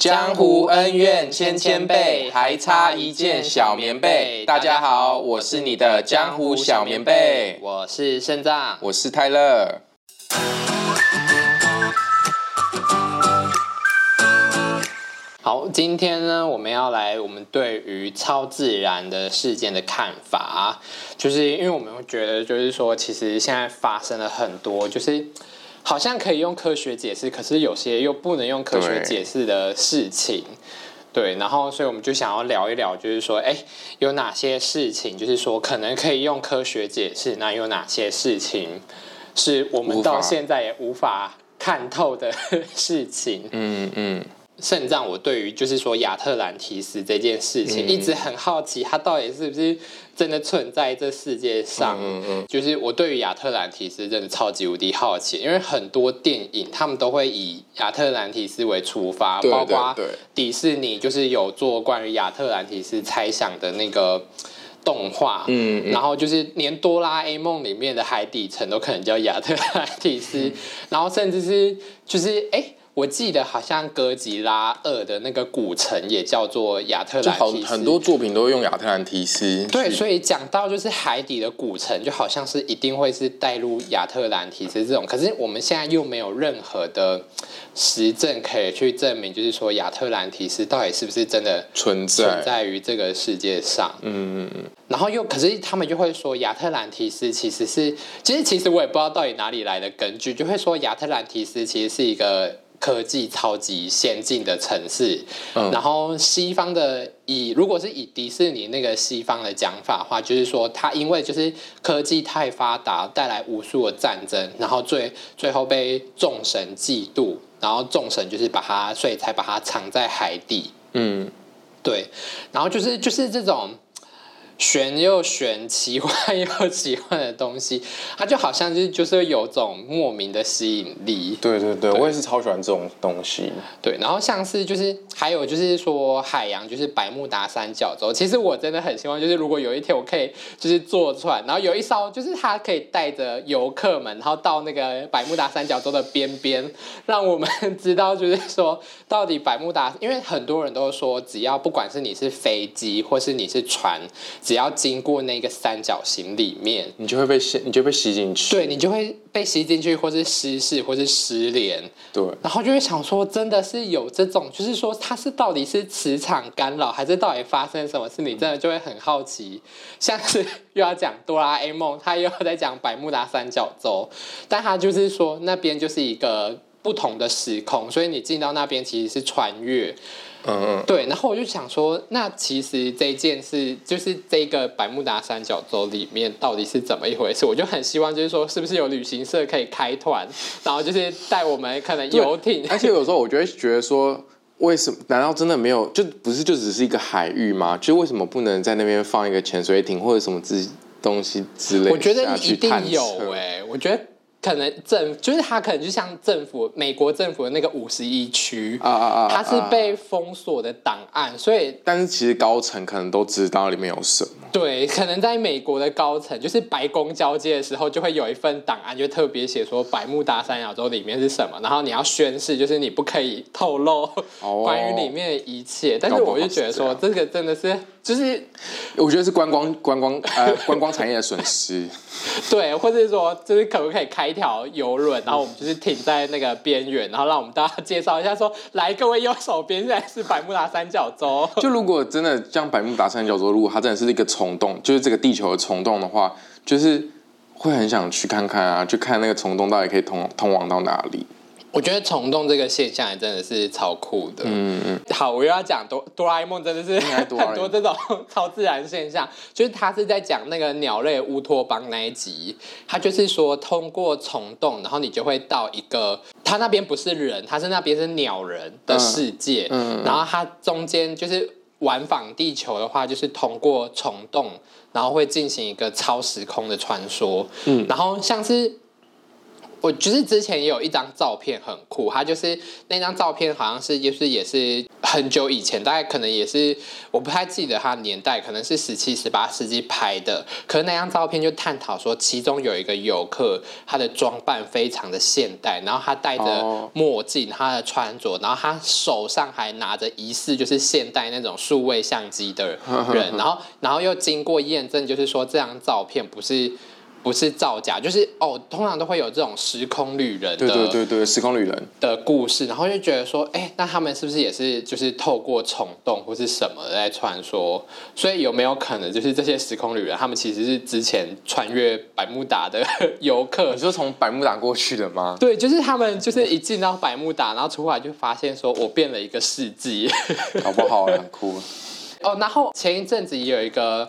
江湖恩怨千千倍，還差一件小棉被。大家好，我是你的江湖小棉貝，我是腎臟，我是泰勒。好，今天呢，我們要來我們對於超自然的事件的看法，就是因為我們會覺得，就是說，其實現在發生了很多，就是。好像可以用科學解釋，可是有些又不能用科學解釋的事情，對，對。然後，所以我們就想要聊一聊，就是說，哎、欸，有哪些事情，就是說可能可以用科學解釋，那有哪些事情是我們到現在也無法看透的事情？嗯無法 嗯。嗯甚至讓我對於就是說亞特蘭提斯這件事情一直很好奇，它到底是不是真的存在這世界上？嗯嗯。就是我對於亞特蘭提斯真的超級無敵好奇，因為很多電影他們都會以亞特蘭提斯為出發，包括迪士尼就是有做關於亞特蘭提斯猜想的那個動畫，嗯，然後就是連哆啦 A 夢裡面的海底城都可能叫亞特蘭提斯，然後甚至是就是哎、欸。我記得好像哥吉拉二的那個古城也叫做亞特蘭，就好很多作品都用亞特蘭提斯。嗯、對，所以講到就是海底的古城，就好像是一定會是帶入亞特蘭提斯這種。可是我們現在又沒有任何的實證可以去證明，就是說亞特蘭提斯到底是不是真的存在在於這個世界上。嗯嗯嗯。然後又可是他們就會說亞特蘭提斯其實是，其實其實我也不知道到底哪裡來的根據，就會說亞特蘭提斯其實是一個。科技超級先進的城市，嗯，然後西方的以如果是以迪士尼那個西方的講法的話，就是說他因為就是科技太發達，帶來無數的戰爭，然後最最後被眾神嫉妒，然後眾神就是把他，所以才把他藏在海底。嗯，對，然後就是就是這種。玄又玄、奇幻又奇幻的東西，它就好像就是就是有種莫名的吸引力。對對對，對，我也是超喜歡這種東西。對，然後像是就是還有就是說海洋，就是百慕達三角洲。其實我真的很希望，就是如果有一天我可以就是坐船，然後有一艘就是它可以帶着遊客們，然後到那個百慕達三角洲的邊邊，讓我們知道就是說到底百慕達，因為很多人都說，只要不管是你是飛機或是你是船。只要經過那個三角形裡面，你就會被吸，你就會被吸進去。對，你就會被吸進去，或是失事，或是失聯。對，然後就會想說，真的是有這種，就是說，它是到底是磁場干擾，還是到底發生什麼事？你真的就會很好奇。嗯，像是又要講哆啦 A 夢，他又在講百慕達三角洲，但他就是說，那邊就是一個不同的時空，所以你進到那邊其實是穿越。嗯嗯，uh huh. 對，然後我就想說，那其實這件事就是這個百慕達三角洲裡面到底是怎麼一回事？我就很希望，就是說，是不是有旅行社可以開團，然後就是帶我們可能遊艇 對。 而且有時候我就會覺得說，為什麼？難道真的沒有？就不是就只是一個海域嗎？就為什麼不能在那邊放一個潛水艇或者什麼之東西之類？我覺得一定有誒、欸，我覺得。可能政就是他可能就像政府美國政府的那個五十一區啊啊啊，他是被封鎖的檔案，所以但是其實高層可能都知道裡面有什麼。對，可能在美國的高層，就是白宮交接的時候，就會有一份檔案，就特別寫說百慕大三角洲裡面是什麼，然後你要宣誓，就是你不可以透露哦哦關於裡面的一切。但是我就覺得說，這個真的是。就是，我覺得是觀光觀光呃觀光產業的損失。 對，或者說，就是可不可以開一條遊輪，然後我們就是停在那個邊緣，然後讓我們大家介紹一下說，說來各位右手邊現在是百慕達三角洲。就如果真的像百慕達三角洲，如果它真的是一個蟲洞，就是這個地球的蟲洞的話，就是會很想去看看啊，就看那個蟲洞到底可以通通往到哪裡。我覺得蟲洞這個現象也真的是超酷的。嗯，好，我又要講哆哆啦 A 夢，多夢真的是很多這種超自然現象。就是他是在講那個鳥類烏托邦那一集，他就是說通過蟲洞，然後你就會到一個，他那邊不是人，他是那邊是鳥人的世界。嗯，嗯，然後他中間就是往返地球的話，就是通過蟲洞，然後會進行一個超時空的傳說，嗯，然後像是。我就是之前也有一張照片很酷，他就是那張照片好像是就是也是很久以前，大概可能也是我不太記得他的年代，可能是十七十八世紀拍的。可是那張照片就探討說，其中有一個遊客，他的裝扮非常的現代，然後他戴着墨鏡，他的穿着，然後他手上還拿着疑似就是現代那種數位相機的人，然後然後又經過驗證，就是說這張照片不是。不是造假，就是哦，通常都會有這種時空旅人的，對對對對，時空旅人的故事，然後就覺得說，哎，那他們是不是也是就是透過蟲洞或是什麼在穿梭？所以有沒有可能就是這些時空旅人，他們其實是之前穿越百慕達的遊客？你是從百慕達過去的嗎？對，就是他們就是一進到百慕達，然後出來就發現說我變了一個世紀，搞不好、啊、很酷 哦，然後前一陣子也有一個。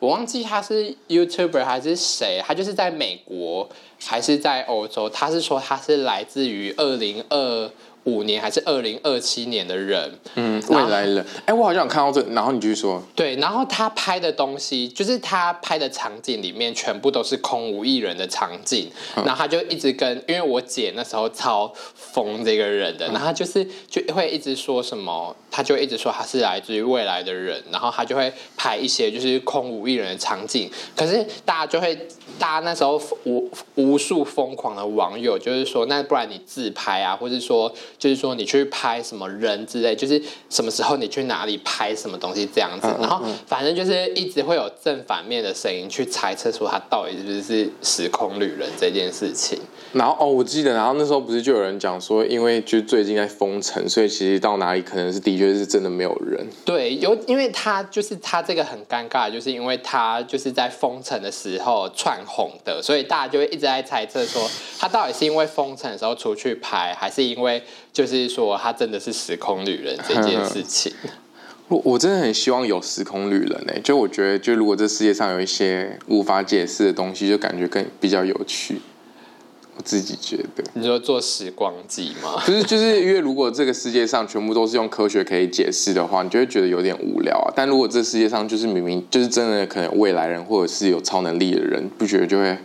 我忘記他是 YouTuber 還是誰，他就是在美國還是在歐洲？他是說他是來自於二零二五年還是二零二七年的人，嗯，未來人。哎後、欸，我好像看到這，然後你繼續說。對，然後他拍的東西，就是他拍的場景裡面全部都是空無一人的場景。嗯、然後他就一直跟，因為我姐那時候超瘋這個人的，然後他就是就會一直說什麼，他就一直說他是來自於未來的人，然後他就會拍一些就是空無一人的場景。可是大家就會，大家那時候無無數瘋狂的網友就是說，那不然你自拍啊，或是說。就是說你去拍什麼人之類，就是什麼時候你去哪裡拍什麼東西這樣子，嗯，然後反正就是一直會有正反面的聲音去猜測出他到底是不是時空旅人這件事情。然後哦，我記得，然後那時候不是就有人講說，因為就最近在封城，所以其實到哪裡可能是的確是真的沒有人。對，有，因為他就是他這個很尷尬，就是因為他就是在封城的時候竄紅的，所以大家就會一直在猜測說他到底是因為封城的時候出去拍，還是因為。就是說，她真的是時空旅人這件事情呵呵，我我真的很希望有時空旅人呢、欸。就我覺得，就如果這世界上有一些無法解釋的東西，就感覺更比較有趣。我自己覺得，你說做時光機嗎？可、就是，就是因為如果這個世界上全部都是用科學可以解釋的話，你就會覺得有點無聊啊。但如果這世界上就是明明就是真的，可能未來人或者是有超能力的人，不覺得就會。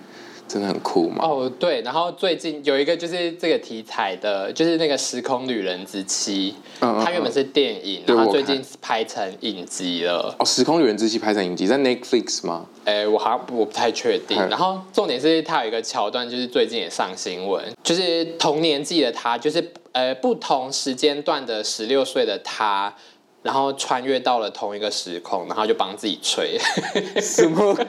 真的很酷嗎？哦，oh, 對，然後最近有一個就是這個題材的，就是那個《時空旅人之妻》，uh, uh, uh. 它原本是電影，然後最近是拍成影集了。哦，《時空旅人之妻》拍成影集，在 Netflix 嗎？哎、欸，我好像不我不太確定。Hi. 然後重點是它有一個橋段，就是最近也上新聞，就是同年紀的他，就是呃不同時間段的十六歲的他。然後穿越到了同一個時空，然後就幫自己吹，什麼鬼？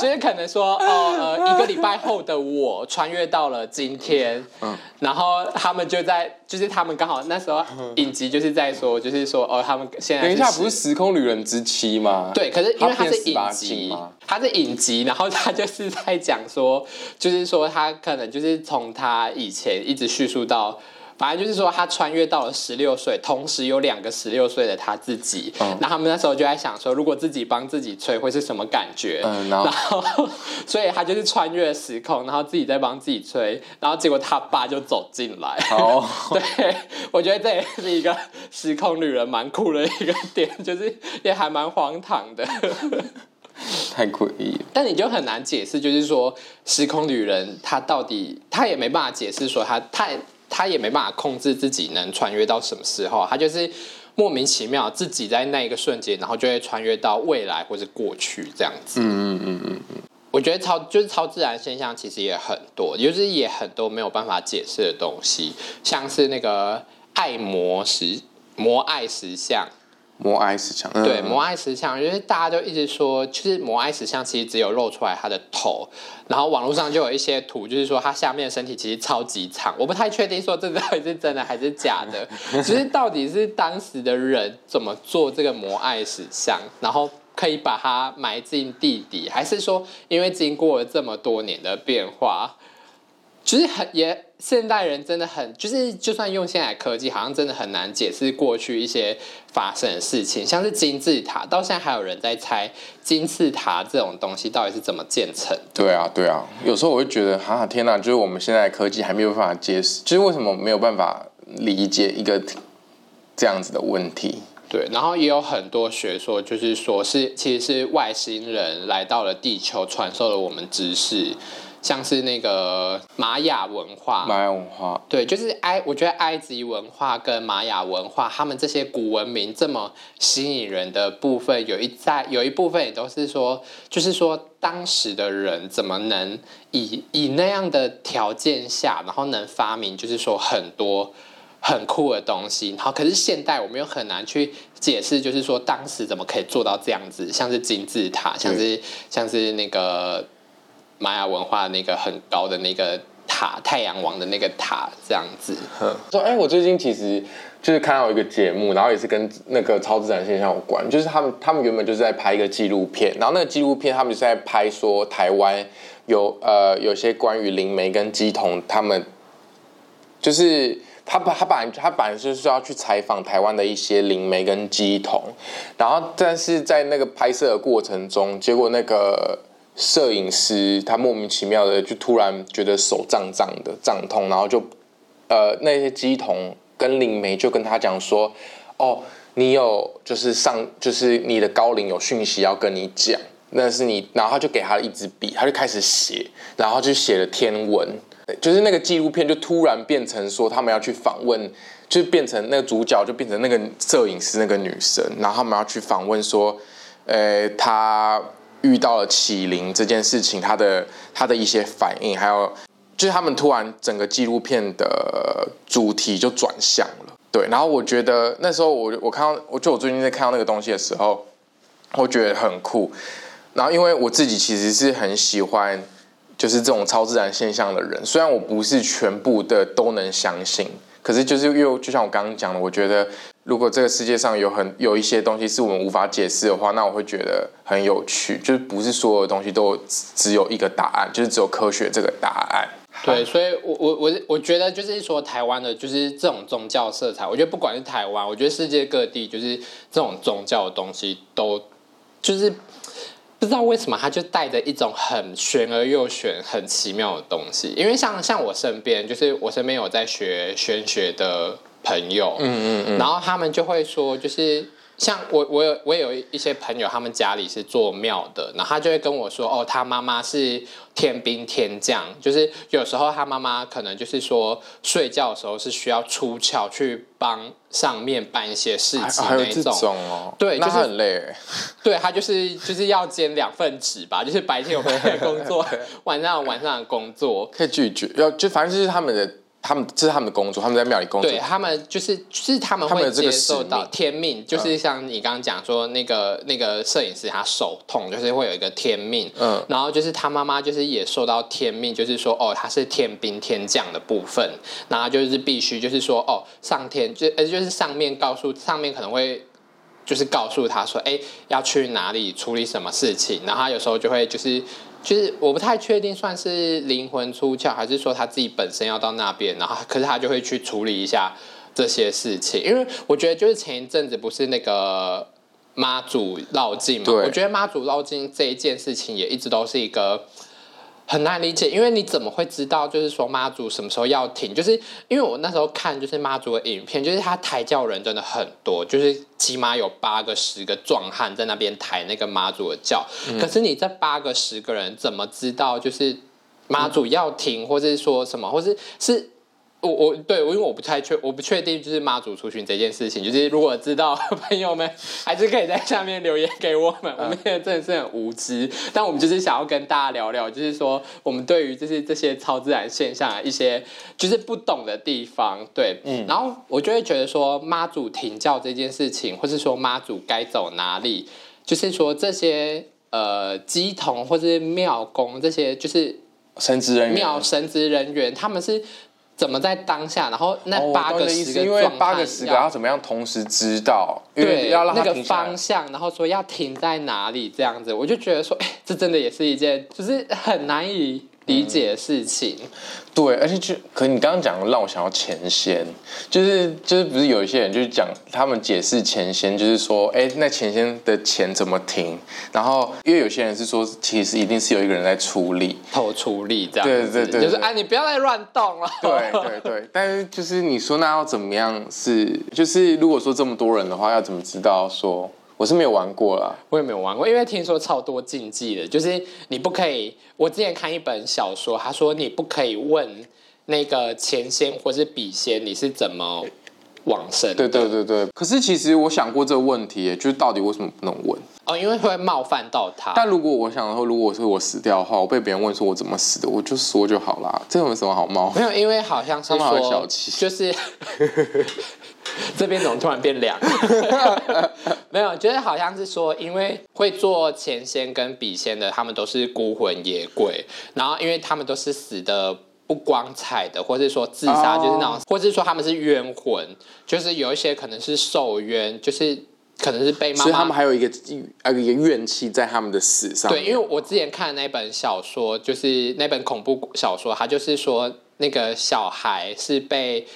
就是可能說，呃、哦、呃， 一個禮拜後的我穿越到了今天， 然後他們就在，就是他們剛好那時候影集就是在說， 就是說，哦，他們現在、就是、等一下不是時空旅人之妻嗎？對，可是因為他是影集， 他是影集， 然後他就是在講說，就是說他可能就是從他以前一直敘述到。反正就是說，他穿越到了十六歲，同時有兩個十六歲的他自己。嗯。那他們那時候就在想說，如果自己幫自己吹會是什麼感覺？嗯。No. 然後，所以他就是穿越時空，然後自己在幫自己吹，然後結果他爸就走進來。Oh. 對，我覺得這也是一個時空旅人蠻酷的一個點，就是也還蠻荒唐的。太詭異。但你就很難解釋，就是說時空旅人她到底，她也沒辦法解釋說她太。他也沒辦法控制自己能穿越到什麼時候，他就是莫名其妙自己在那一個瞬間，然後就會穿越到未來或是過去這樣子。嗯嗯嗯嗯嗯，我覺得超就是超自然現象其實也很多，就是也很多沒有辦法解釋的東西，像是那個愛魔石、摩艾石像。摩艾石像，嗯、對，摩艾石像，就是大家都一直說，其實摩艾石像其實只有露出來它的頭，然後網路上就有一些圖，就是說它下面的身體其實超級長，我不太確定說這個到底是真的還是假的， 其實到底是當時的人怎麼做這個摩艾石像，然後可以把它埋進地底，還是說因為經過了這麼多年的變化？就是很也現代人真的很就是就算用現在科技，好像真的很難解釋過去一些發生的事情，像是金字塔，到現在還有人在猜金字塔這種東西到底是怎麼建成。對啊，對啊，有時候我會覺得，哈哈，天吶、啊，就是我們現在科技還沒有辦法解釋，就是為什麼沒有辦法理解一個這樣子的問題。對，然後也有很多學說，就是說是其實是外星人來到了地球，傳授了我們知識。像是那個瑪雅文化、瑪雅文化，對，就是埃，我覺得埃及文化跟瑪雅文化，他們這些古文明這麼吸引人的部分，有一在，有一部分也都是說，就是說當時的人怎麼能以以那樣的條件下，然後能發明，就是說很多很酷的東西。好，可是現代我們又很難去解釋，就是說當時怎麼可以做到這樣子，像是金字塔，像是對 像是那個。瑪雅文化那個很高的那個塔，太陽王的那個塔這樣子。說呵，哎、欸，我最近其實就是看到一個節目，然後也是跟那個超自然現象有關。就是他們，他們原本就是在拍一個紀錄片，然後那個紀錄片他們就是在拍說台灣有呃有些關於靈媒跟乩童，他們就是他，他本他本他本來就是要去採訪台灣的一些靈媒跟乩童，然後但是在那個拍攝的過程中，結果那個。攝影師他莫名其妙的就突然覺得手脹脹的脹痛，然後就，呃，那些乩童跟靈媒就跟他講說，哦，你有就是上就是你的高靈有訊息要跟你講，那是你，然後他就給他一支筆，他就開始寫，然後就寫了天文，就是那個紀錄片就突然變成說他們要去訪問，就變成那個主角就變成那個攝影師那個女生，然後他們要去訪問說，呃，他。遇到了麒麟這件事情，他的他的一些反應，還有就是他們突然整個紀錄片的主題就轉向了，對。然後我覺得那時候我我看到，我就我最近在看到那個東西的時候，我覺得很酷。然後因為我自己其實是很喜歡就是這種超自然現象的人，雖然我不是全部的都能相信，可是就是又就像我剛剛講的，我覺得。如果這個世界上有很有一些東西是我們無法解釋的話，那我會覺得很有趣，就是不是所有的東西都有隻，只有一個答案，就是只有科學這個答案。對，所以我，我我我我覺得就是說，台灣的就是這種宗教色彩，我覺得不管是台灣，我覺得世界各地就是這種宗教的東西，都就是不知道為什麼，它就帶着一種很玄而又玄、很奇妙的東西。因為像像我身邊，就是我身邊有在學玄學的，朋友，嗯嗯嗯，然後他們就會說，就是像我，我有我有一些朋友，他們家裡是做廟的，然後他就會跟我說，哦，他媽媽是天兵天將，就是有時候他媽媽可能就是說睡覺的時候是需要出竅去幫上面辦一些事情那種，啊，還有這種哦，對，就是很累，對，他就是就是要兼兩份職吧，就是白天有白天的工作， 晚上有晚上的工作可以拒絕，要就反正就是他們的。他們這是他們的工作，他們在廟裡工作。對，他們就是、就是他們會接受到天命，命就是像你剛剛講說那個那個攝影師他手痛，就是會有一個天命。嗯。然後就是他媽媽就是也受到天命，就是說哦，他是天兵天將的部分，然後就是必須就是說哦，上天就呃就是上面告訴，上面可能會就是告訴他說哎、欸、要去哪裡處理什麼事情，然後他有時候就會就是。其實我不太確定，算是靈魂出竅，還是說他自己本身要到那邊，然後可是他就會去處理一下這些事情。因為我覺得就是前一陣子不是那個媽祖繞境嘛，對我覺得媽祖繞境這一件事情也一直都是一個。很難理解，因為你怎麼會知道？就是說媽祖什麼時候要停？就是因為我那時候看，就是媽祖的影片，就是他抬轎人真的很多，就是起碼有八個、十個壯漢在那邊抬那個媽祖的轎。嗯、可是你這八個、十個人怎麼知道？就是媽祖要停，嗯、或是說什麼，或是是。我我對，因為我不太確，我不確定就是媽祖出巡這件事情，就是如果知道，朋友們還是可以在下面留言給我們。我們現在真的是很無知，但我們就是想要跟大家聊聊，就是說我們對於就是這些超自然現象的一些就是不懂的地方，對，嗯。然後我就會覺得說媽祖停轎這件事情，或是說媽祖該走哪裡，就是說這些呃乩童或是廟公這些就是神職人員廟神職人員，他們是。怎麼在當下？然後那八個十個，因為八個十個要怎麼樣同時知道？對，那個方向，然後說要停在哪裡這樣子，我就覺得說，欸，這真的也是一件，就是很難以。理解事情。嗯，對，而且就，可你剛剛講的讓我想要錢仙，就是就是不是有一些人就是講他們解釋錢仙，就是說，哎，那錢仙的錢怎麼停？然後因為有些人是說，其實一定是有一個人在處理，投力，偷出力這樣對，對對對，就是哎、啊，你不要再亂動了。對對對，對對對 但是就是你說那要怎麼樣是？是就是如果說這麼多人的話，要怎麼知道說？我是沒有玩過啦，我也沒有玩過，因為聽說超多禁忌的，就是你不可以。我之前看一本小說，他說你不可以問那個錢仙，或是筆仙你是怎麼往生的。對對對對。可是其實我想過這個問題、欸，就是到底為什麼不能問？哦，因為會冒犯到他。但如果我想說，如果是我死掉的話，我被別人問說我怎麼死的，我就說就好啦。這有什麼好冒？沒有，因為好像說他們小氣，就是。 這邊怎麼突然變涼了？ 沒有，覺、就、得、是、好像是說，因為會做前仙跟筆仙的，他們都是孤魂野鬼，然後因為他們都是死得不光彩的，或是說自殺就是那種，oh. 或是說他們是冤魂，就是有一些可能是受冤，就是可能是被媽媽，所以他們還有一個一個怨氣在他們的死上。對，因為我之前看的那本小說，就是那本恐怖小說，它就是說那個小孩是被。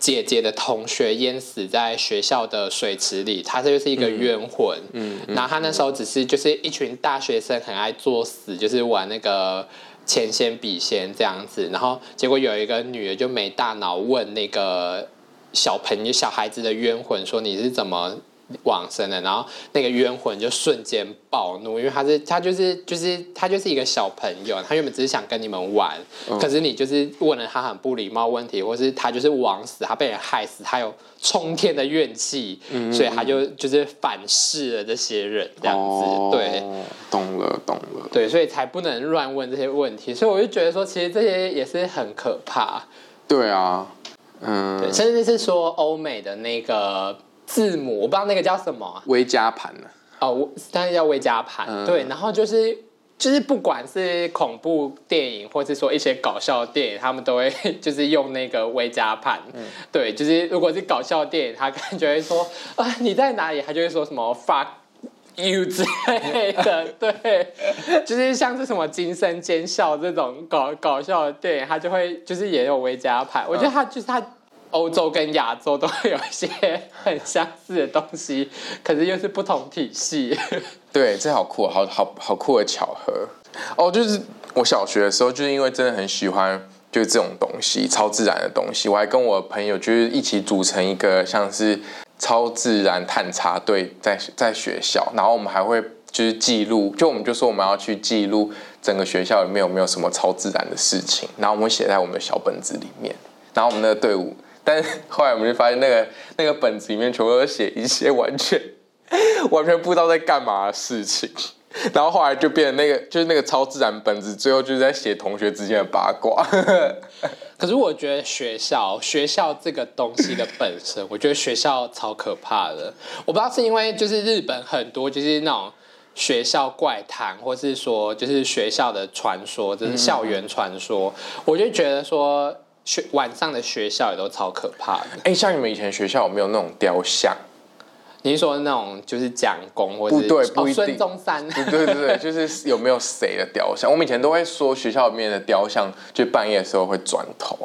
姐姐的同學淹死在學校的水池裡，她這就是一個冤魂。嗯，然後她那時候只是就是一群大學生很愛作死，就是玩那個錢仙筆仙這樣子。然後結果有一個女的就沒大腦問那個小朋友小孩子的冤魂說：“你是怎麼？”往生了，然後那個冤魂就瞬間暴怒，因為他是他就是就是他就是一個小朋友，他原本只是想跟你們玩，哦、可是你就是問了他很不禮貌問題，或是他就是枉死，他被人害死，他有衝天的怨氣，嗯、所以他就就是反噬了這些人這樣子。哦、對懂，懂了懂了，對，所以才不能亂問這些問題。所以我就覺得說，其實這些也是很可怕。對啊，嗯對，甚至是說歐美的那個。字母我不知道那個叫什麼，啊，微加盤呢？哦，它是叫微加盤，嗯、對。然後就是就是不管是恐怖電影，或是說一些搞笑電影，他們都會就是用那個微加盤。嗯、對，就是如果是搞笑電影，他感覺會說啊，呃、你在哪裡，他就會說什麼 fuck you 之類的。嗯、對，就是像是什麼《驚聲尖笑》這種搞搞笑的電影，他就會就是也有微加盤。嗯，我覺得他就是他。歐洲跟亞洲都會有一些很相似的東西，可是又是不同體系。 對，這好酷，好好好酷的巧合哦！Oh, 就是我小學的時候，就是因為真的很喜歡就是這種東西，超自然的東西。我還跟我朋友就是一起組成一個像是超自然探查隊，在在學校，然後我們還會就是記錄，就我們就說我們要去記錄整個學校裡面有沒有什麼超自然的事情，然後我們寫在我們的小本子裡面，然後我們的隊伍。但是後來我們就發現，那個那個本子裡面全部都寫一些完全完全不知道在幹嘛的事情，然後後來就變成那個就是那個超自然本子，最後就是在寫同學之間的八卦。可是我覺得學校學校這個東西的本身，我覺得學校超可怕的。我不知道是因為就是日本很多就是那種學校怪談，或是說就是學校的傳說，就是校園傳說，我就覺得說。學晚上的學校也都超可怕的。哎、欸，像你們以前學校有沒有那種雕像？你是說那種就是蔣公或者，對，不一定？孫、哦、中山？ 對對對，就是有沒有誰的雕像？我們以前都會說學校裡面的雕像，就半夜的時候會轉頭。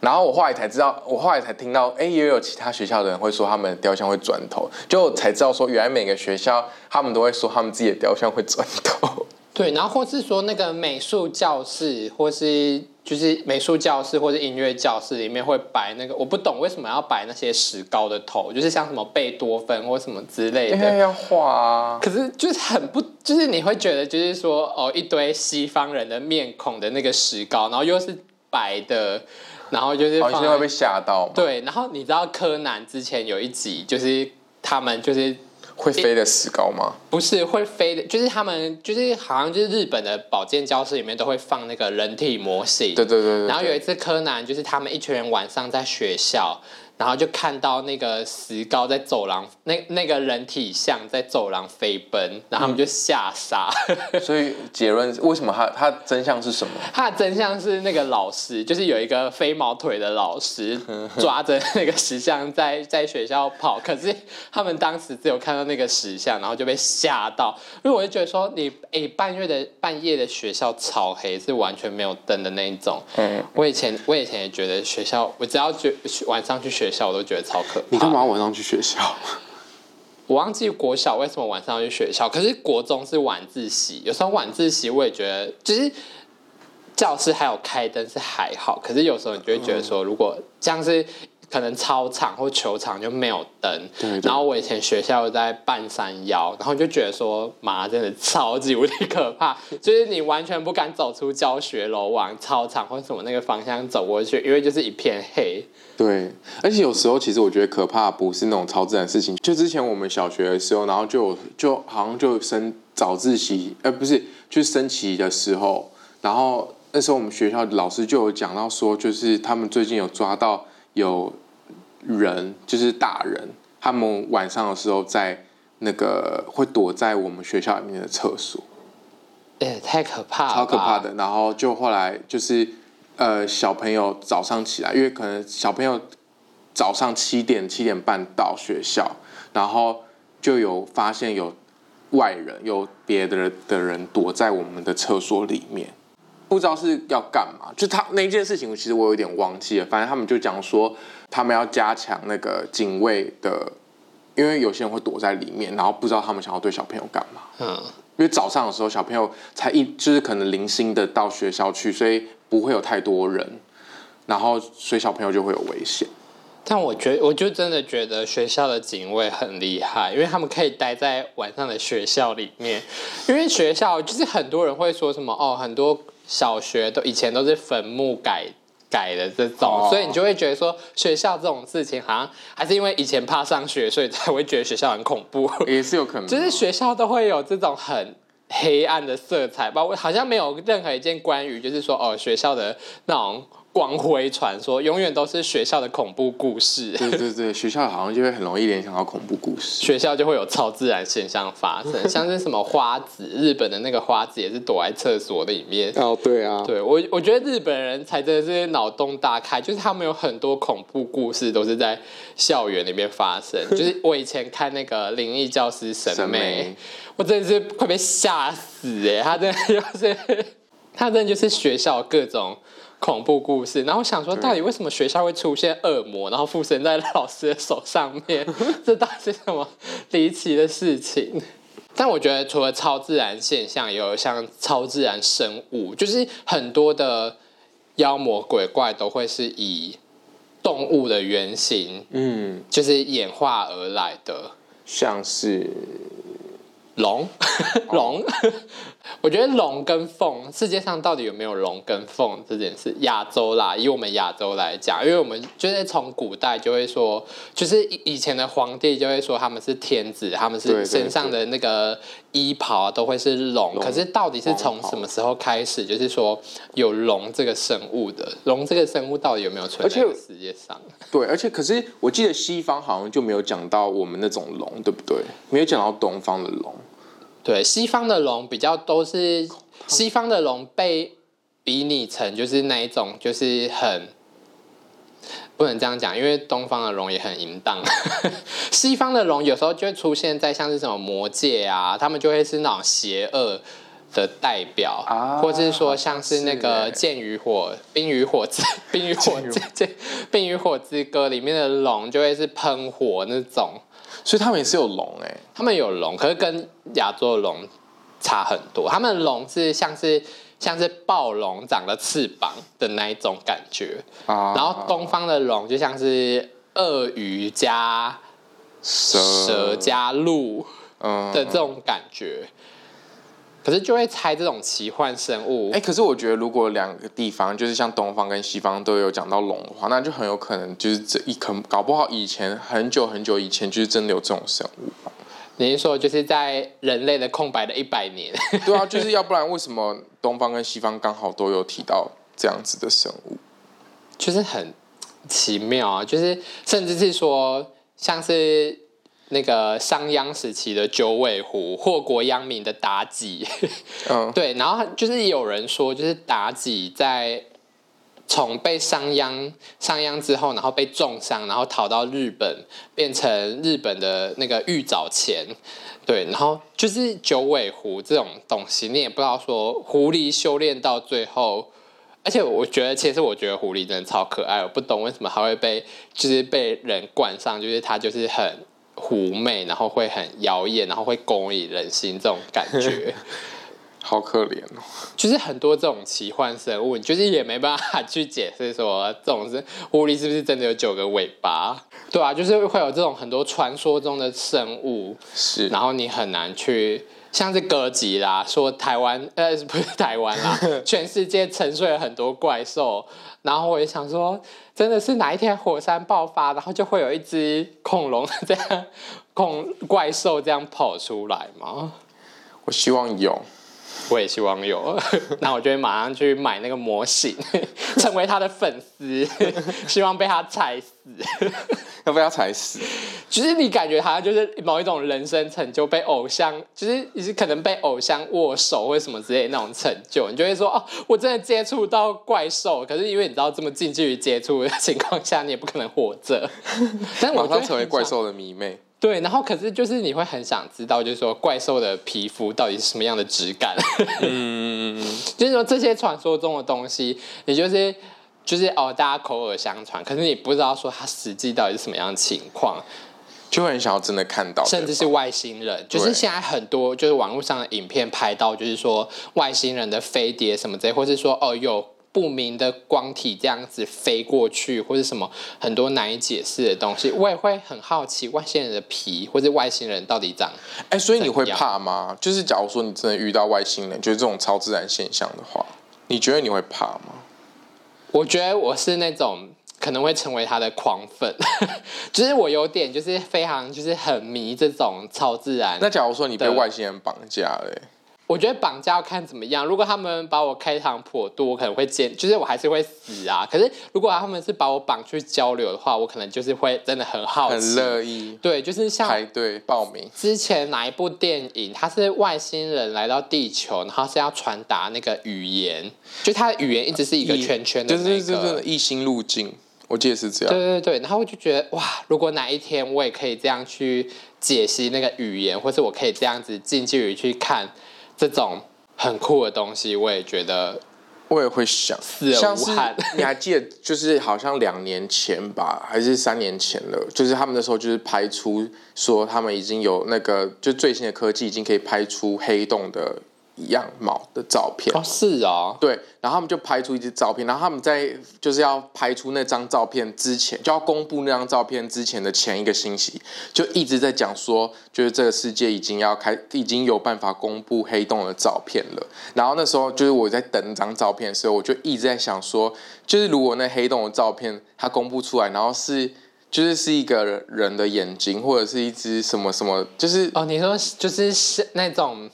然後我後來才知道，我後來才聽到，哎、欸，也有其他學校的人會說他們的雕像會轉頭，就才知道說原來每個學校他們都會說他們自己的雕像會轉頭。對，然後或是說那個美術教室，或是。就是美術教室或者音樂教室裡面會擺那個，我不懂為什麼要擺那些石膏的頭，就是像什麼貝多芬或什麼之類的。因為畫可是就是很不，就是你會覺得就是說哦，一堆西方人的面孔的那個石膏，然後又是白的，然後就是好像會被嚇到。對，然後你知道柯南之前有一集，就是他們就是。會飛的石膏嗎？欸、不是會飛的，就是他們，就是好像就是日本的保健教室裡面都會放那個人體模型。嗯、對對對，對，然後有一次柯南就是他們一群人晚上在學校。然後就看到那個石膏在走廊，那那個人體像在走廊飛奔，然後他們就嚇傻。嗯、所以結論是為什麼他他真相是什麼？他的真相是那個老師，就是有一個飛毛腿的老師抓着那個石像在在學校跑，可是他們當時只有看到那個石像，然後就被嚇到。因為我就覺得說你，你哎半月的半夜的學校超黑，是完全沒有燈的那一種。嗯，我以前我以前也覺得學校，我只要覺，晚上去學。學校我都覺得超可怕。你幹嘛晚上去學校？我忘記國小為什麼晚上要去學校，可是國中是晚自習，有時候晚自習我也覺得，就是教室還有開燈是還好，可是有時候你就會覺得說，如果這樣是。可能操場或球場就沒有燈，對，對。然後我以前學校在半山腰，然後就覺得說，媽，真的超級無敵可怕，就是你完全不敢走出教學樓往操場或什麼那個方向走過去，因為就是一片黑。對，而且有時候其實我覺得可怕不是那種超自然的事情，就之前我們小學的時候，然後就就好像就升早自習，呃，不是，就升旗的時候，然後那時候我們學校老師就有講到說，就是他們最近有抓到。有人就是大人，他們晚上的時候在那個會躲在我們學校裡面的廁所。哎、欸，太可怕了！超可怕的。然後就後來就是呃，小朋友早上起來，因為可能小朋友早上七點七點半到學校，然後就有發現有外人，有別的的人躲在我們的廁所裡面。不知道是要幹嘛，就他那件事情，我其實我有點忘記了。反正他們就講說，他們要加強那個警衛的，因為有些人會躲在裡面，然後不知道他們想要對小朋友幹嘛。嗯，因為早上的時候，小朋友才一就是可能零星的到學校去，所以不會有太多人，然後所以小朋友就會有危險。但我覺得，我就真的覺得學校的警衛很厲害，因為他們可以待在晚上的學校裡面，因為學校就是很多人會說什麼哦，很多。小學都以前都是墳墓改改的這種，Oh. 所以你就會覺得說學校這種事情好像還是因為以前怕上學，所以才會覺得學校很恐怖。也是有可能，就是學校都會有這種很黑暗的色彩吧，我好像沒有任何一件關於就是說哦學校的那種。光輝傳說永遠都是學校的恐怖故事。對對對，學校好像就會很容易聯想到恐怖故事。學校就會有超自然現象發生， 像是什麼花子，日本的那個花子也是躲在廁所裡面。哦，對啊，對我我覺得日本人才真的是腦洞大開，就是他們有很多恐怖故事都是在校園裡面發生。就是我以前看那個《靈異教師神眉》神眉，我真的是快被嚇死哎，欸，他真的就是他真的就是學校各種恐怖故事，然後我想說，到底為什麼學校會出現惡魔，然後附身在老師的手上面？ 這到底是什麼離奇的事情？ 但我覺得，除了超自然現象，也有像超自然生物，就是很多的妖魔鬼怪都會是以動物的原型，嗯，就是演化而來的，像是龍，龍龍。 龍 oh. 我覺得龍跟鳳，世界上到底有沒有龍跟鳳這件事？亞洲啦，以我們亞洲來講，因為我們就是從古代就會說，就是以以前的皇帝就會說他們是天子，他們是身上的那個衣袍啊，都會是龍。對對對，可是到底是從什麼時候開始，就是說有龍這個生物的？龍這個生物到底有沒有存在這個世界上？對，而且可是我記得西方好像就沒有講到我們那種龍，對不對？沒有講到東方的龍。對，西方的龍比較都是西方的龍被比擬成就是那一種，就是很不能這樣講，因為東方的龍也很淫蕩。 西方的龍有時候就會出現在像是什麼魔戒啊，他們就會是那種邪惡的代表，啊，或是說像是那個《劍與火》欸冰火《冰與火之冰與火之冰與火之歌》裡面的龍就會是噴火那種。所以他們也是有龍誒，他們有龍，可是跟亞洲的龍差很多。他們的龍是像是像是暴龍長了翅膀的那一種感覺，啊，然後東方的龍就像是鱷魚加蛇加鹿的這種感覺。啊嗯可是就會猜這種奇幻生物。誒、欸，可是我覺得，如果兩個地方就是像東方跟西方都有講到龍的話，那就很有可能就是這一坑搞不好以前很久很久以前就是真的有這種生物吧。等於說，就是在人類的空白的一百年。對啊，就是要不然為什麼東方跟西方剛好都有提到這樣子的生物？就是很奇妙啊，就是甚至是說，像是。那個商鞅時期的九尾狐，禍國殃民的妲己，嗯，uh. 對，然後就是有人說，就是妲己在從被商鞅商鞅之後，然後被重傷，然後逃到日本，變成日本的那個玉藻前，對，然後就是九尾狐這種東西，你也不知道說狐狸修煉到最後，而且我覺得其實我覺得狐狸真的超可愛，我不懂為什麼它會被就是被人冠上，就是它就是很。嫵媚，然後會很妖豔，然後會攻以人心這種感覺， 好可憐哦。就是很多這種奇幻生物，你就是也沒辦法去解釋說，這種是狐狸是不是真的有九個尾巴？ 對啊，就是會有這種很多傳說中的生物，是，然後你很難去。像是哥吉拉啦，說台灣，呃，不是台灣啦，啊，全世界沉睡了很多怪獸，然後我也想說，真的是哪一天火山爆發，然後就會有一隻恐龍這樣恐怪獸這樣跑出來嗎？我希望有。我也希望有，那 我就會馬上去買那個模型，成為他的粉絲，希望被他踩死。要不要踩死？其實你感覺好像就是某一種人生成就，被偶像，就是你是可能被偶像握手或什麼之類的那種成就，你就會說哦，我真的接觸到怪獸。可是因為你知道這麼近距離接觸的情況下，你也不可能活着。但我要成為怪獸的迷妹。對，然後可是就是你會很想知道，就是說怪獸的皮膚到底是什麼樣的質感？嗯， 就是說這些傳說中的東西，也就是就是哦，大家口耳相傳，可是你不知道說它實際到底是什麼樣的情況，就很想要真的看到，甚至是外星人，對吧？就是現在很多就是網絡上的影片拍到，就是說外星人的飛碟什麼的，或是說哦有。Yo, 不明的光體這樣子飛過去，或者什麼很多難以解釋的東西，我也會很好奇外星人的皮，或者外星人到底長怎樣？哎、欸，所以你會怕嗎？就是假如說你真的遇到外星人，就是這種超自然現象的話，你覺得你會怕嗎？我覺得我是那種可能會成為他的狂粉， 就是我有點就是非常就是很迷這種超自然。那假如說你被外星人綁架了、欸？我覺得綁架要看怎麼樣。如果他們把我開膛破肚，我可能會見，就是我還是會死啊。可是如果他們是把我綁去交流的話，我可能就是會真的很好奇，很樂意。對，就是像排隊報名之前哪一部電影，它是外星人來到地球，然後是要傳達那個語言，就它的語言一直是一個圈圈的，那個呃，就是、就是就是、那個異星路徑。我記得是這樣，對對對。然後我就覺得哇，如果哪一天我也可以這樣去解析那個語言，或是我可以這樣子近距離去看。這種很酷的東西，我也覺得我也會想死而無憾。你還記得，就是好像兩年前吧，還是三年前了，就是他們那時候就是拍出說他們已經有那個就最新的科技，已經可以拍出黑洞的、一樣毛的照片哦，是啊。哦，對，然後他們就拍出一張照片，然後他們在就是要拍出那張照片之前，就要公布那張照片之前的前一個星期，就一直在講說，就是這個世界已經要開，已經有辦法公布黑洞的照片了。然後那時候就是我在等那張照片，所以我就一直在想說，就是如果那黑洞的照片它公布出來，然後是就是是一個人的眼睛，或者是一隻什麼什麼，就是哦，你說就是是那種。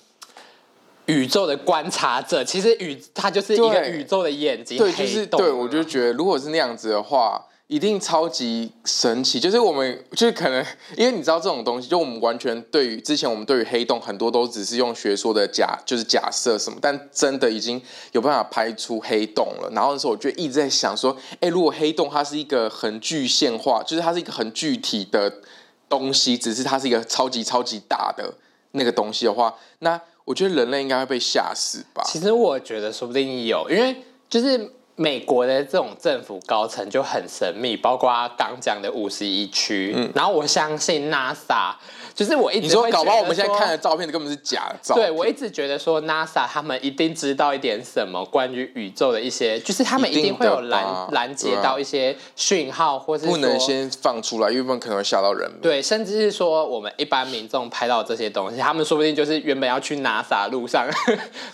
宇宙的觀察者，其實宇，它就是一個宇宙的眼睛，對，啊、對，就是對，我就覺得如果是那樣子的話，一定超級神奇。就是我們就是可能，因為你知道這種東西，就我們完全對於之前我們對於黑洞很多都只是用學說的假，就是假設什麼，但真的已經有辦法拍出黑洞了。然後那時候，我就一直在想說，哎，如果黑洞它是一個很具現化，就是它是一個很具體的東西，只是它是一個超級超級大的那個東西的話，那。我覺得人類應該會被嚇死吧。其實我覺得說不定有，因為就是美國的這種政府高層就很神秘，包括他剛講的五十一區，然後我相信 NASA。就是我一直你說搞不好我們現在看的照片根本是假照。對，我一直覺得說 NASA 他們一定知道一點什麼關於宇宙的一些，就是他們一定會有攔攔截到一些訊號，或是不能先放出來，因為可能會嚇到人。對，甚至是說我們一般民眾拍到這些東西，他們說不定就是原本要去 NASA 路上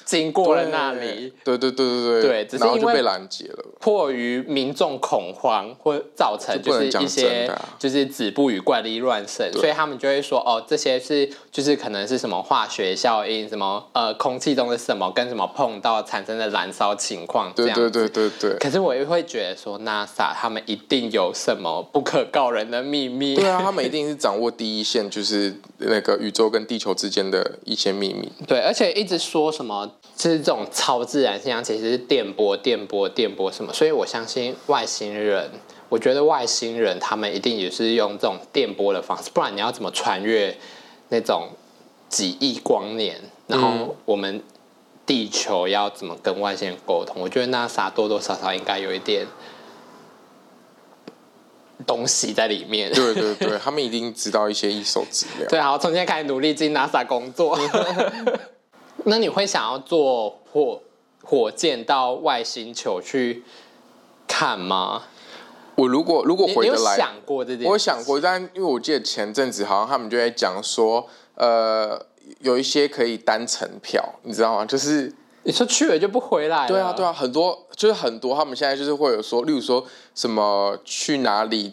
經過了那裡。對對對對對，對，然後就被攔截了。迫於民眾恐慌或造成就是一些就是止步於怪力亂神，所以他們就會說哦。哦，這些是就是可能是什麼化學效應，什麼呃空氣中的什麼跟什麼碰到產生的燃燒情況這樣。對對對對對對。可是我又會覺得說，NASA 他們一定有什麼不可告人的秘密。對啊，他們一定是掌握第一線，就是那個宇宙跟地球之間的一些秘密。 對，而且一直說什麼就是這種超自然現象，其實是電波、電波、電波什麼，所以我相信外星人。我覺得外星人他們一定也是用這種電波的方式，不然你要怎麼穿越那種幾億光年？然後我們地球要怎麼跟外星人溝通？嗯、我覺得 NASA 多多少少應該有一點東西在裡面。對對對，對，他們一定知道一些一手資料。對，好，從現在開始努力進 NASA 工作。 那你會想要坐火火箭到外星球去看嗎？我如果如果回得來，我想過這件我想過，但因為我記得前陣子好像他們就在講說，呃，有一些可以單程票，你知道嗎？就是你說去了就不回來，對啊，對啊，很多就是很多，他們現在就是會有說，例如說什麼去哪裡。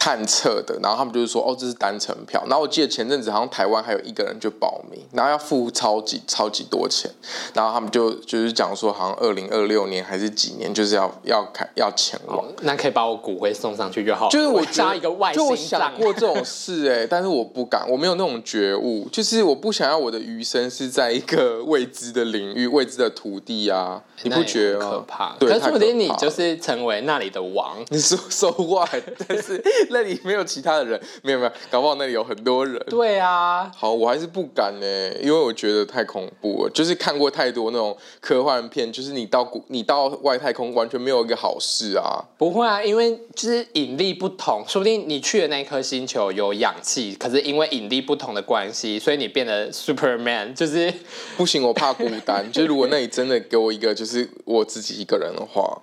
探測的，然後他們就是說，哦，這是單程票。然後我記得前陣子好像台灣還有一個人就報名，然後要付超級超級多錢。然後他們就就是講說，好像二零二六年還是幾年，就是要要開要前往。哦，那可以把我骨灰送上去就好。就是我，我加一個外星葬，就我想過這種事哎、欸， 但是我不敢，我沒有那種覺悟，就是我不想要我的餘生是在一個未知的領域、未知的土地啊，欸、你不覺得可怕？嗯、對，可是說不定你就是成為那裡的王，你是說，說話但是。 那裡沒有其他的人，沒有沒有，搞不好那裡有很多人。對啊，好，我還是不敢呢、欸，因為我覺得太恐怖了。就是看過太多那種科幻片，就是你到古，你到外太空完全沒有一個好事啊。不會啊，因為就是引力不同，說不定你去的那顆星球有氧氣，可是因為引力不同的關係，所以你變得 Superman。就是不行，我怕孤單。 就是如果那裡真的給我一個，就是我自己一個人的話。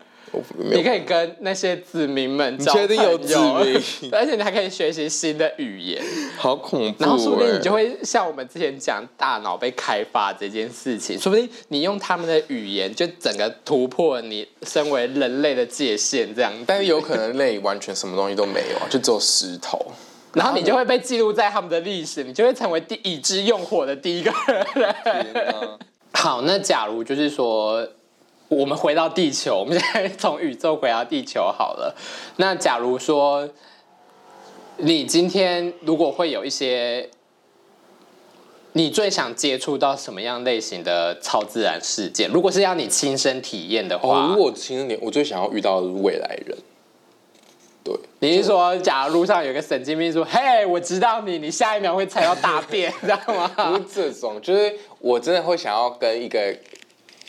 你可以跟那些子民們交朋友，而且你還可以學習新的語言，好恐怖、欸！然後說不定你就會像我們之前講大腦被開發這件事情，說不定你用他們的語言就整個突破你身為人類的界限，這樣。但是有可能你完全什麼東西都沒有、啊，就只有石頭，然後你就會被記錄在他們的歷史，你就會成為第已知用火的第一個人。天啊、好，那假如就是說。我們回到地球，我們現在從宇宙回到地球好了。那假如說你今天如果會有一些，你最想接觸到什麼樣類型的超自然事件？如果是要你親身體驗的話，哦、如果我我親身體，我最想要遇到的是未來人。對，你是說，假如路上有一個神經病說：“嘿， hey, 我知道你，你下一秒會踩到大便， 你知道嗎？”不是這種，就是我真的會想要跟一個。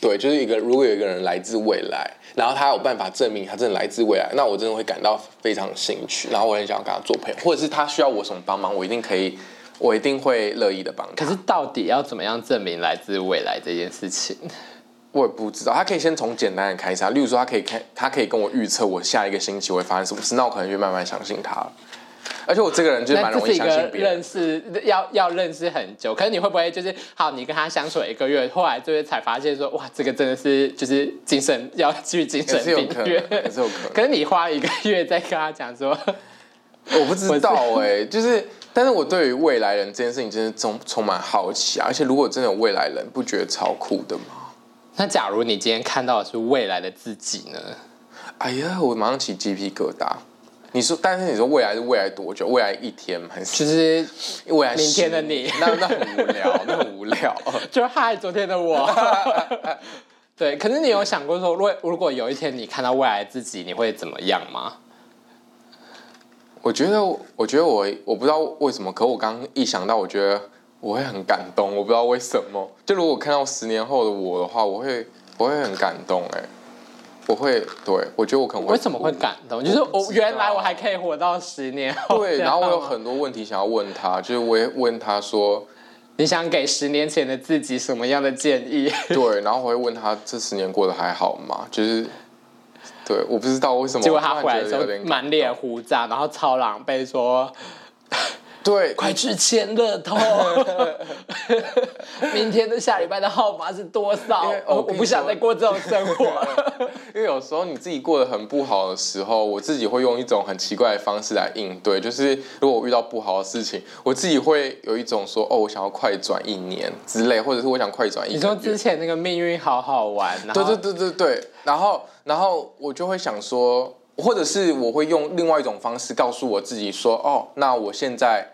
對，就是一個如果有一個人來自未來，然後他有辦法證明他真的來自未來，那我真的會感到非常興趣，然後我很想要跟他做朋友，或者是他需要我什麼幫忙，我一定可以，我一定會樂意的幫。可是到底要怎麼樣證明來自未來這件事情，我也不知道。他可以先從簡單的開始啊，例如說他可以看，他可以跟我預測我下一個星期我會發生什麼事，那我可能就慢慢相信他了。而且我這個人就是蠻容易相信別人。認識要要認識很久，可是你會不會就是好？你跟他相處一個月，後來就是才發現說，哇，這個真的是就是精神要去精神病院，也是有可能，也是有可能。可是你花一個月在跟他講說、哦，我不知道哎、欸，是就是。但是我對於未來人這件事情真，真的充充滿好奇啊！而且如果真的有未來人，不覺得超酷的嗎？那假如你今天看到的是未來的自己呢？哎呀，我馬上起雞皮疙瘩。你說，但是你說未來是未來多久？未來一天還是？其實未來明天的你那，那那很無聊，那很無聊。 就嗨，昨天的我。 對，可是你有想過說，如果有一天你看到未來自己，你會怎麼樣嗎？我覺得，我覺得我我不知道為什麼，可是我剛一想到，我覺得我會很感動，我不知道為什麼。就如果看到十年後的我的話，我會我會很感動，欸，哎。我會，對，我覺得我可能會。為什麼會感動？就是我，我原來我還可以活到十年後。對，然後我有很多問題想要問他， 就是我也問他說，你想給十年前的自己什麼樣的建議？對，然後我會問他這十年過得還好嗎？就是，對，我不知道為什麼。結果他回來的時候，滿臉鬍渣，然後超狼狽說。 對，嗯、快去簽樂透！ 明天的下禮拜的號碼是多少？我因為？我、哦，我不想再過這種生活了。因為有時候你自己過得很不好的時候，我自己會用一種很奇怪的方式來應對。就是如果我遇到不好的事情，我自己會有一種說：“哦，我想要快轉一年”之類，或者是我想快轉一年。你說之前那個命運好好玩。對，對對對對對，然後然後我就會想說。或者是我會用另外一種方式告訴我自己說，哦，那我現在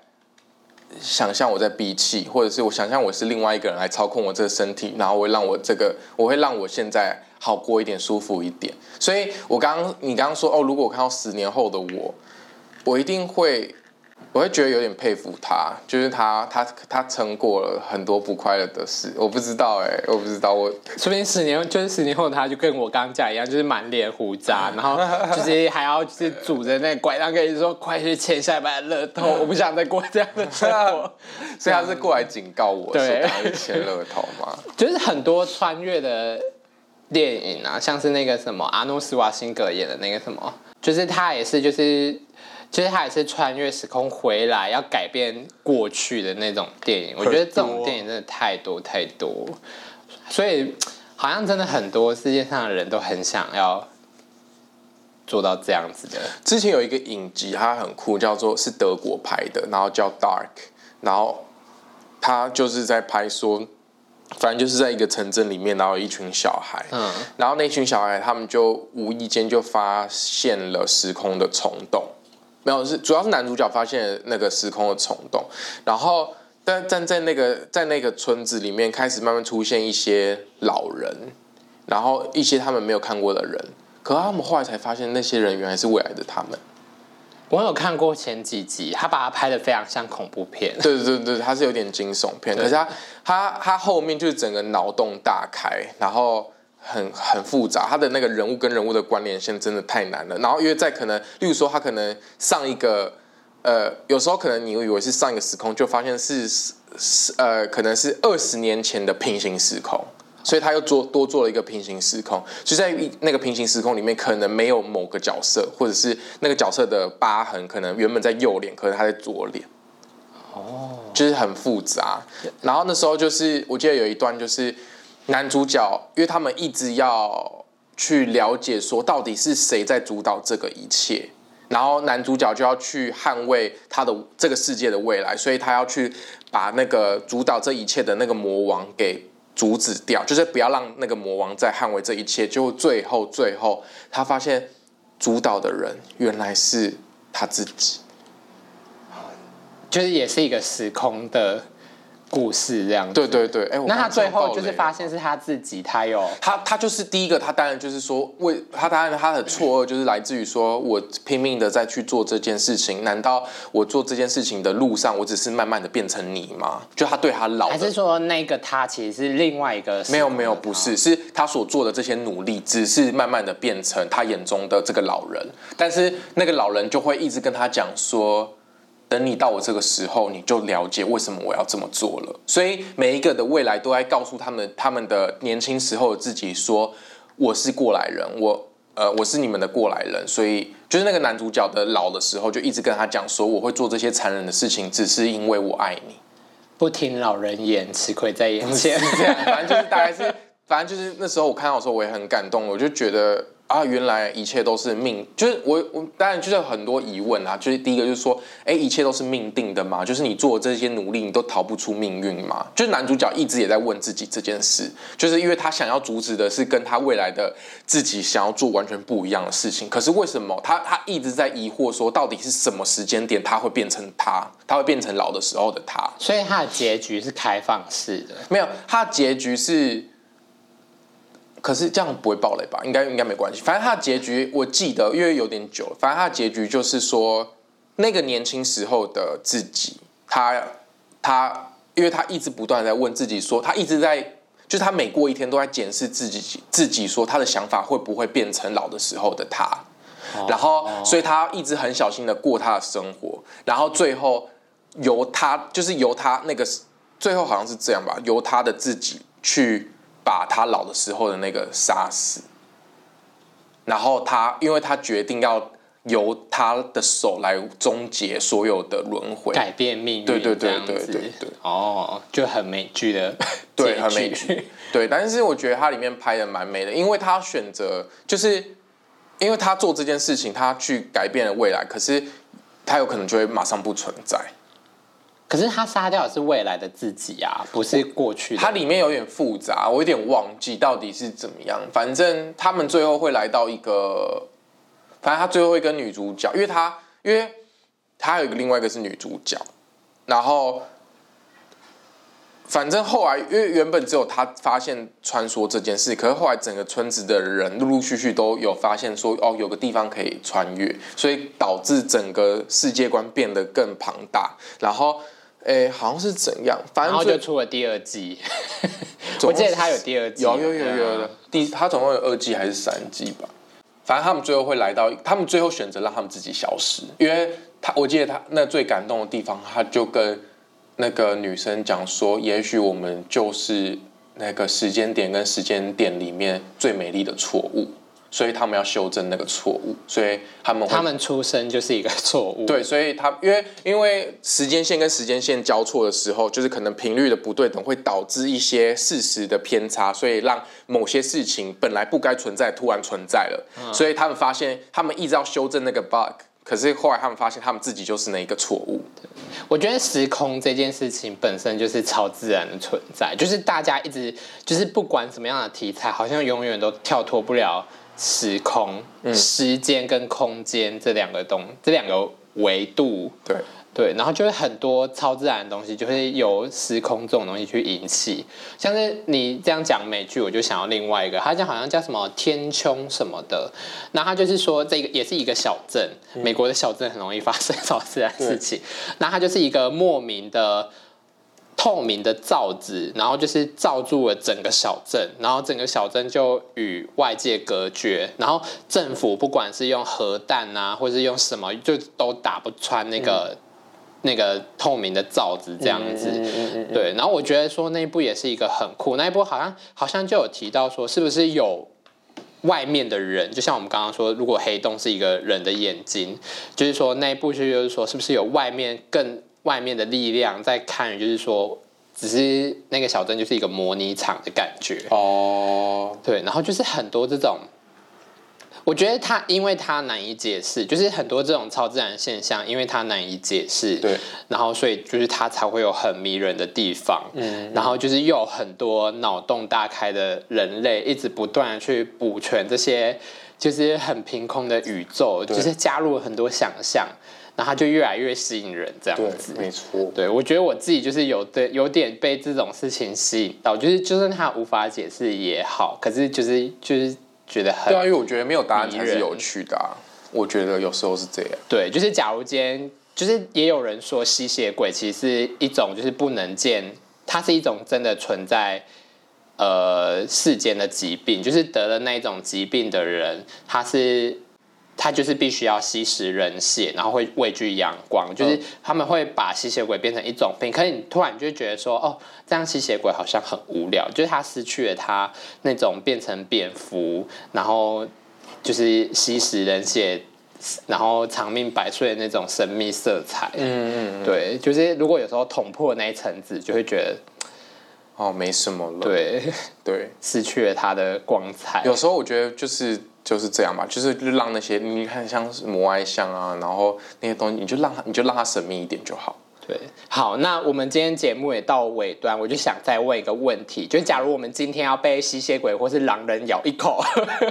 想象我在閉氣，或者是我想象我是另外一個人來操控我這個身體，然後我會讓我這個，我會讓我現在好過一點，舒服一點。所以我剛剛，我剛剛你剛剛說，哦，如果我看到十年後的我，我一定會。我會覺得有點佩服他，就是他，他，他撐過了很多不快樂的事。我不知道、欸，哎，我不知道。我說不定十年後，就是十年後，他就跟我剛剛講一樣，就是滿臉鬍渣，然後就是還要就是拄着那拐杖跟你說，快去簽下班樂透，我不想再過這樣的生活。 所以他是過來警告我，對是吧？簽樂透嘛。就是很多穿越的電影啊，像是那個什麼阿諾斯瓦辛格演的那個什麼，就是他也是就是。其實他也是穿越時空回來要改變過去的那種電影，我覺得這種電影真的太多太多，所以好像真的很多世界上的人都很想要做到這樣子的。之前有一個影集，它很酷，叫做是德國拍的，然後叫《Dark》，然後他就是在拍說，反正就是在一個城鎮裡面，然後有一群小孩，嗯，然後那群小孩他們就無意間就發現了時空的蟲洞。沒有，是主要是男主角發現那個時空的蟲洞，然後但站在那個在那個村子裡面開始慢慢出現一些老人，然後一些他們沒有看過的人，可他們後來才發現那些人原來是未來的他們。我有看過前幾集，他把他拍的非常像恐怖片，對對對對，他是有點驚悚片，對可是他他他後面就是整個腦洞大開，然後。很很複雜，他的那個人物跟人物的關聯性真的太難了。然後因為在可能，例如說他可能上一個，呃，有時候可能你以為是上一個時空，就發現是是呃，可能是二十年前的平行時空，所以他又做多做了一個平行時空。所以在那個平行時空裡面，可能沒有某個角色，或者是那個角色的疤痕，可能原本在右臉，可能他在左臉。哦，就是很複雜。然後那時候就是，我記得有一段就是。男主角，因為他們一直要去了解，說到底是誰在主導這個一切，然後男主角就要去捍衛他的這個世界的未來，所以他要去把那個主導這一切的那個魔王給阻止掉，就是不要讓那個魔王再捍衛這一切。就最後，最後他發現主導的人原來是他自己，就是也是一個時空的。故事這樣子，對對對，哎、欸，那他最後就是發現是他自己，他有他他就是第一個，他當然就是說為他當然他的錯愕就是來自於說，我拼命的在去做這件事情，難道我做這件事情的路上，我只是慢慢的變成你嗎？就他對他老，還是說那個他其實是另外一個是？沒有沒有，不是，哦、是他所做的這些努力，只是慢慢的變成他眼中的這個老人，但是那個老人就會一直跟他講說。等你到我這個時候，你就了解為什麼我要這麼做了。所以每一個的未來都在告訴他們，他們的年輕時候的自己說：“我是過來人，我呃，我是你們的過來人。”所以就是那個男主角的老的時候，就一直跟他講說：“我會做這些殘忍的事情，只是因為我愛你。”不聽老人言，吃虧在眼前。 這樣，反正就是大概是，反正就是那時候我看到的時候，我也很感動，我就覺得。啊，原來一切都是命，就是我我當然就是很多疑問啊，就是第一個就是說，哎，一切都是命定的嘛？就是你做這些努力，你都逃不出命運嘛。就是男主角一直也在問自己這件事，就是因為他想要阻止的是跟他未來的自己想要做完全不一樣的事情，可是為什麼他他一直在疑惑說，到底是什麼時間點他會變成他，他會變成老的時候的他？所以他的結局是開放式的， 沒有，他的結局是。可是這樣不會爆雷吧？應該應該沒關係。反正他的結局，我記得，因為有點久了。反正他的結局就是說，那個年輕時候的自己，他他，因為他一直不斷在問自己說，說他一直在，就是他每過一天都在檢視自己，自己說他的想法會不會變成老的時候的他。然後，所以他一直很小心的過他的生活。然後最後，由他就是由他那個最後好像是這樣吧，由他的自己去把他老的時候的那個殺死，然後他，因為他決定要由他的手來終結所有的輪迴，改變命運，對對對對對哦，就很美劇的， 對，很美劇，對，但是我覺得它裡面拍的蠻美的，因為他選擇，就是因為他做這件事情，他去改變了未來，可是他有可能就會馬上不存在。可是他殺掉的是未來的自己啊，不是過去的。它裡面有點複雜，我有點忘記到底是怎麼樣。反正他們最後會來到一個，反正他最後會跟女主角，因為他因為他有一個另外一個是女主角，然後反正後來因為原本只有他發現穿梭這件事，可是後來整個村子的人陸陸續續都有發現說哦，有個地方可以穿越，所以導致整個世界觀變得更龐大，然後。哎、欸，好像是怎樣，反正然後就出了第二季。共我記得他有第二季，有有有有，有、啊、第他總共有二季還是三季吧？反正他們最後會來到，他們最後選擇讓他們自己消失。因為他，我記得他那最感動的地方，他就跟那個女生講說：“也許我們就是那個時間點跟時間點裡面最美麗的錯誤。”所以他們要修正那個錯誤，所以他們他們出生就是一個錯誤。對，所以他因為因為時間線跟時間線交錯的時候，就是可能頻率的不對等會導致一些事實的偏差，所以讓某些事情本來不該存在突然存在了。所以他們發現，他們一直要修正那個 bug，可是後來他們發現，他們自己就是那一個錯誤。我覺得時空這件事情本身就是超自然的存在，就是大家一直就是不管什麼樣的題材，好像永遠都跳脫不了。時空、嗯、時間跟空間這兩個東西、這兩個維度，對對，然後就是很多超自然的東西，就是由時空這種東西去引起。像是你這樣講美劇，我就想到另外一個，他講好像叫什麼天穹什麼的，然後他就是說這個也是一個小鎮，嗯、美國的小鎮很容易發生超自然事情，對然後它就是一個莫名的。透明的罩子，然後就是罩住了整個小鎮，然後整個小鎮就與外界隔絕，然後政府不管是用核彈啊，或是用什麼，就都打不穿那個、嗯、那個透明的罩子，這樣子。嗯嗯嗯嗯嗯對。然後我覺得說那一部也是一個很酷，那一部好像好像就有提到說，是不是有外面的人，就像我們剛剛說，如果黑洞是一個人的眼睛，就是說那一部就是說是不是有外面更。外面的力量在看，就是說，只是那個小鎮就是一個模擬場的感覺哦。對，然後就是很多這種，我覺得他因為他難以解釋，就是很多這種超自然現象，因為他難以解釋，對，然後所以就是他才會有很迷人的地方。嗯，然後就是又有很多腦洞大開的人類，一直不斷去補全這些，就是很憑空的宇宙，就是加入了很多想象然後他就越來越吸引人，這樣子，沒錯。對，我覺得我自己就是有對，有點被這種事情吸引到，就是，就算他無法解釋也好，可是就是，就是覺得很對啊。因為我覺得沒有答案才是有趣的啊，嗯，我覺得有時候是這樣。對，就是假如今天，就是也有人說吸血鬼其實是一種就是不能見，它是一種真的存在，呃，世間的疾病，就是得了那種疾病的人，他是。他就是必須要吸食人血，然後會畏懼陽光，就是他們會把吸血鬼變成一種病。可是你突然就覺得說，哦，這樣吸血鬼好像很無聊，就是他失去了他那種變成蝙蝠，然後就是吸食人血，然後長命百歲的那種神秘色彩。嗯嗯，嗯，對，就是如果有時候捅破的那一層紙，就會覺得。哦，沒什麼了。對對，對失去了它的光彩。有時候我覺得就是就是這樣吧，就是就讓那些你看像摩艾像啊，然後那些東西，你就讓它，你就讓它神秘一點就好。對，好，那我們今天節目也到尾端，我就想再問一個問題，就是、假如我們今天要被吸血鬼或是狼人咬一口，呵呵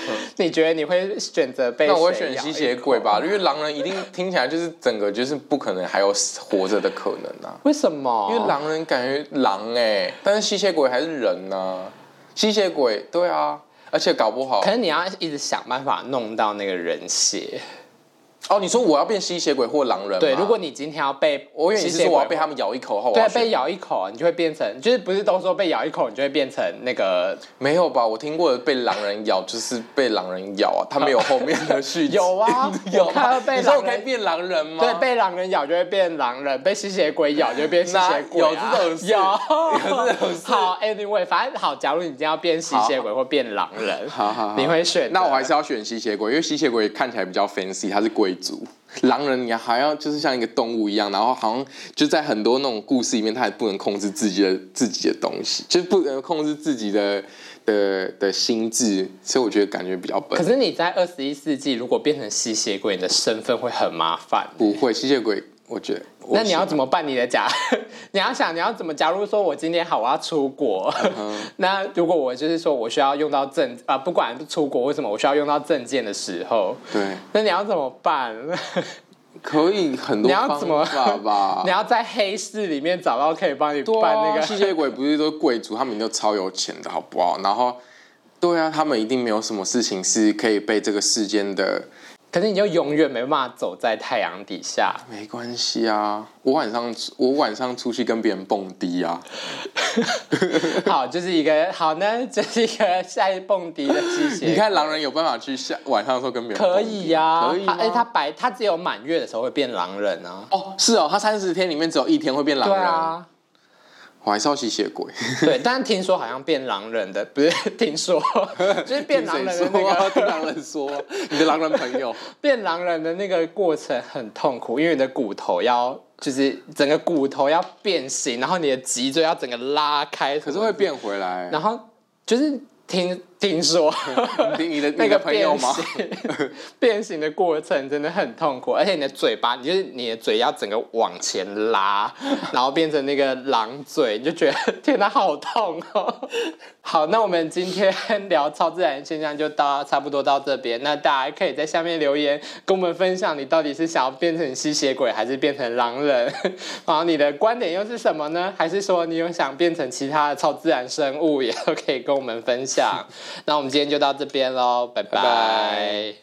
嗯、你覺得你會選擇被？那我會選吸血鬼吧，因為狼人一定聽起來就是整個就是不可能還有活着的可能啊。為什麼？因為狼人感覺狼哎、欸，但是吸血鬼還是人呢、啊？吸血鬼對啊，而且搞不好，可是你要一直想辦法弄到那個人血。哦，你說我要變吸血鬼或狼人嗎？對，如果你今天要被我願意，哦、因為是說我要被他們咬一口後，對、啊，被咬一口、啊，你就會變成，就是不是都說被咬一口你就會變成那個？沒有吧，我聽過的被狼人咬就是被狼人咬啊，他沒有後面的續集。 有啊，有，他被狼人你說我可以變狼人嗎？對，被狼人咬就會變狼人，被吸血鬼咬就會變吸血鬼、啊， 有這種有 有這種。好，Anyway，反正好，假如你今天要變吸血鬼或變狼人，好好， 你會選？那我還是要選吸血鬼，因為吸血鬼看起來比較 fancy，它是鬼。狼人，你還要就是像一個動物一樣，然後好像就在很多那種故事裡面，他還不能控制自己的自己的東西，就是不能控制自己的的的心智，所以我覺得感覺比較笨。可是你在二十一世紀，如果變成吸血鬼，你的身份會很麻煩欸。不會，吸血鬼。我覺得，那你要怎麼辦？你的假，你要想，你要怎麼？假如說我今天好，我要出國，嗯、哼 那如果我就是說我需要用到證啊、呃，不管出國為什麼，我需要用到證件的時候，對，那你要怎麼辦？可以很多方法吧？你要怎麼？你要在黑市裡面找到可以幫你辦那個、啊、吸血鬼，不是都貴族，他們都超有錢的好不好？然後，對啊，他們一定沒有什麼事情是可以被這個世間的。可是你就永遠沒辦法走在太陽底下。沒關係啊，我晚上我晚上出去跟別人蹦迪啊。 好，就是一個好呢，就是一個下一蹦迪的機械。你看狼人有辦法去下晚上的時候跟別人可以啊？可以。哎，他、欸、白他只有滿月的時候會變狼人啊。哦，是哦，他三十天裡面只有一天會變狼人啊。還燒吸血鬼？對，但是聽說好像變狼人的，不是聽說，就是變狼人的、那個。你要聽狼人說，你的狼人朋友變狼人的那個過程很痛苦，因為你的骨頭要，就是整個骨頭要變形，然後你的脊椎要整個拉開。可是會變回來。然後就是聽。聽說那個變形，變形的過程真的很痛苦，而且你的嘴巴，你就是你的嘴要整個往前拉，然後變成那個狼嘴，你就覺得天哪，好痛哦！好，那我們今天聊超自然現象就到差不多到這邊，那大家可以在下面留言，跟我們分享你到底是想要變成吸血鬼還是變成狼人，然後你的觀點又是什麼呢？還是說你有想變成其他的超自然生物，也都可以跟我們分享。 那我們今天就到這邊嘍，拜拜。